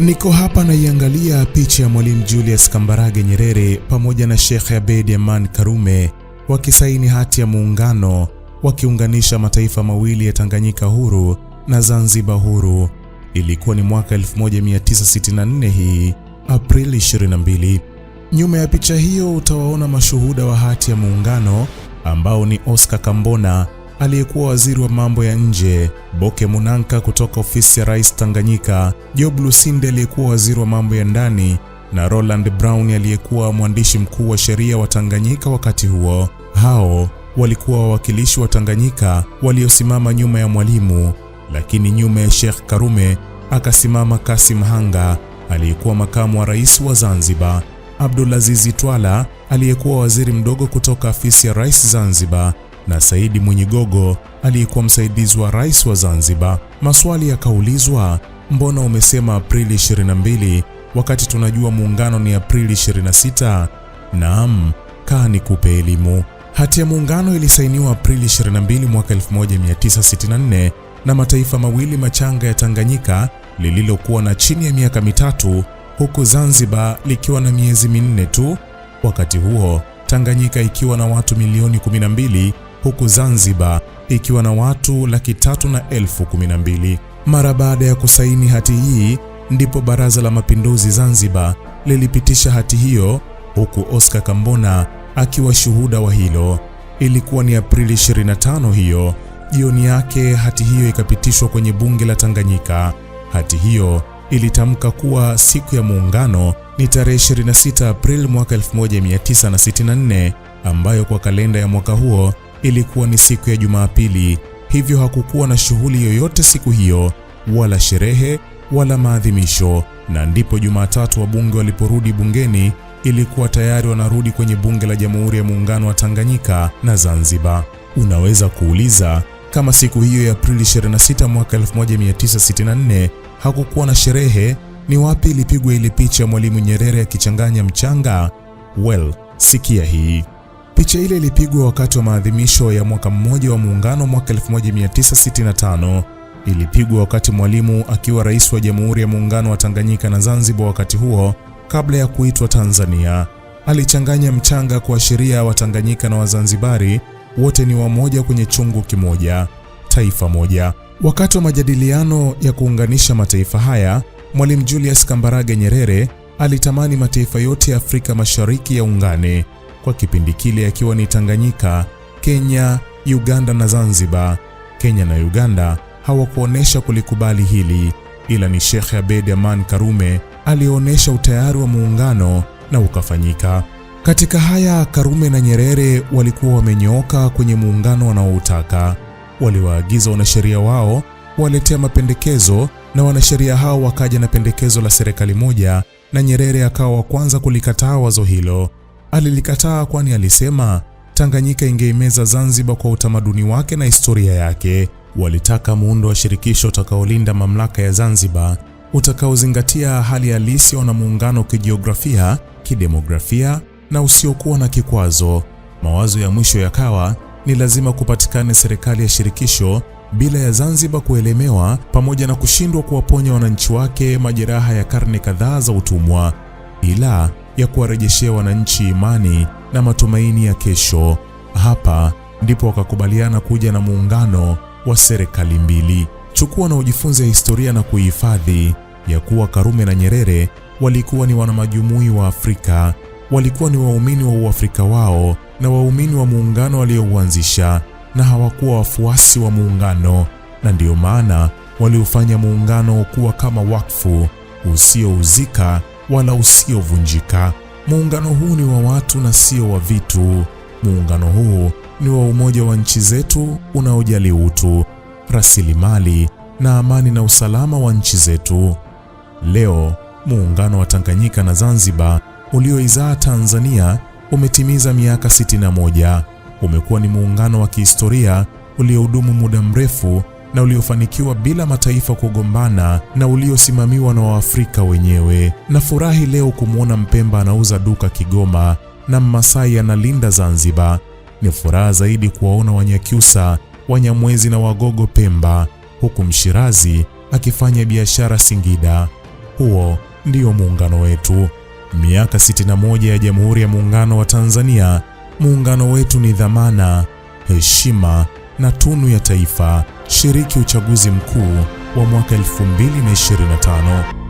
Niko hapa naiangalia picha ya Mwalimu Julius Kambarage Nyerere pamoja na Sheikh Abeid Aman Karume wakisaini hati ya muungano wakiunganisha mataifa mawili ya Tanganyika huru na Zanzibar huru. Ilikuwa ni mwaka 1964 hii, Aprili 22. Nyuma ya picha hiyo utawaona mashuhuda wa hati ya muungano ambao ni Oscar Kambona aliyekuwa waziri wa mambo ya nje, Boke Munanka kutoka ofisi ya rais Tanganyika, Job Lusinde aliyekuwa waziri wa mambo ya ndani na Roland Brown aliyekuwa mwandishi mkuu wa sheria wa Tanganyika wakati huo. Hao walikuwa wawakilishi wa Tanganyika waliosimama nyuma ya Mwalimu, lakini nyuma ya Sheikh Karume akasimama Kasim Hanga aliyekuwa makamu wa rais wa Zanzibar, Abdulaziz Twala aliyekuwa waziri mdogo kutoka afisi ya rais Zanzibar, na Saidi Mwinyigogo aliyekuwa msaidizi wa rais wa Zanzibar. Maswali yakaulizwa, mbona umesema Aprili 22 wakati tunajua muungano ni Aprili 26? Naam, kaa nikupe elimu. Hati ya muungano ilisainiwa Aprili 22 mwaka 1964 na mataifa mawili machanga ya Tanganyika lililokuwa na chini ya miaka mitatu, huku Zanzibar likiwa na miezi minne tu. Wakati huo Tanganyika ikiwa na watu milioni 12 huku Zanzibar ikiwa na watu laki tatu na elfu kumi na mbili. Mara baada ya kusaini hati hii ndipo Baraza la Mapinduzi Zanzibar lilipitisha hati hiyo, huku Oscar Kambona akiwa shuhuda wa hilo. Ilikuwa ni Aprili 25 hiyo. Jioni yake hati hiyo ikapitishwa kwenye bunge la Tanganyika. Hati hiyo ilitamka kuwa siku ya Muungano ni tarehe 26 Aprili mwaka 1964 ambayo kwa kalenda ya mwaka huo Ilikuwa ni siku ya Jumapili, hivyo hakukuwa na shughuli yoyote siku hiyo, wala sherehe wala maadhimisho. Na ndipo Jumatatu wabunge waliporudi bungeni, ilikuwa tayari wanarudi kwenye bunge la Jamhuri ya Muungano wa Tanganyika na Zanzibar. Unaweza kuuliza kama siku hiyo ya Aprili 26 mwaka 1964 hakukuwa na sherehe, ni wapi ilipigwa ile picha ya Mwalimu Nyerere akichanganya mchanga? Well, sikia hii. Picha ile ilipigwa wakati wa maadhimisho ya mwaka mmoja wa Muungano mwaka 1965. Ilipigwa wakati Mwalimu akiwa rais wa Jamhuri ya Muungano wa Tanganyika na Zanzibar wakati huo, kabla ya kuitwa Tanzania. Alichanganya mchanga kuashiria Watanganyika na Wazanzibari wote ni wamoja kwenye chungu kimoja, taifa moja. Wakati wa majadiliano ya kuunganisha mataifa haya, Mwalimu Julius Kambarage Nyerere alitamani mataifa yote ya Afrika Mashariki yaungane kwa kipindi kile akiwa ni Tanganyika, Kenya, Uganda na Zanzibar. Kenya na Uganda hawakuonesha kulikubali hili, ila ni Sheikh Abeid Aman Karume alionesha utayari wa muungano na ukafanyika. Katika haya Karume na Nyerere walikuwa wamenyooka kwenye muungano wanaoutaka. Waliwaagiza wanasheria wao waletea mapendekezo na wanasheria hao wakaja na pendekezo la serikali moja, na Nyerere akawa wa kwanza kulikataa wazo hilo alilikataa, kwani alisema Tanganyika ingeimeza Zanzibar kwa utamaduni wake na historia yake. Walitaka muundo wa shirikisho utakaolinda mamlaka ya Zanzibar, utakaozingatia hali halisi na muungano kijiografia, kidemografia na usiokuwa na kikwazo. Mawazo ya mwisho yakawa ni lazima kupatikane serikali ya shirikisho bila ya Zanzibar kuelemewa pamoja na kushindwa kuwaponya wananchi wake majeraha ya karne kadhaa za utumwa. Ila ya kuwarejeshea wananchi imani na matumaini ya kesho. Hapa ndipo wakakubaliana kuja na muungano wa serikali mbili. Chukua na ujifunze historia na kuihifadhi ya kuwa Karume na Nyerere walikuwa ni wanamajumui wa Afrika, walikuwa ni waumini wa Uafrika wao na waumini wa muungano waliouanzisha, na hawakuwa wafuasi wa muungano, na ndiyo maana waliofanya muungano kuwa kama wakfu usiouzika wala usiovunjika. Muungano huu ni wa watu na sio wa vitu. Muungano huu ni wa umoja wa nchi zetu unaojali utu, rasilimali na amani na usalama wa nchi zetu. Leo muungano wa Tanganyika na Zanzibar ulioizaa Tanzania umetimiza miaka 61. Umekuwa ni muungano wa kihistoria uliohudumu muda mrefu na uliofanikiwa bila mataifa kugombana na uliosimamiwa na Waafrika wenyewe. na furahi leo kumwona Mpemba anauza duka Kigoma na Mmasai analinda Zanzibar. Ni furaha zaidi kuwaona Wanyakyusa, Wanyamwezi na Wagogo Pemba, huku Mshirazi akifanya biashara Singida. Huo ndio muungano wetu. Miaka 61 ya Jamhuri ya Muungano wa Tanzania. Muungano wetu ni dhamana, heshima na Tunu ya Taifa, shiriki uchaguzi mkuu wa mwaka 2025.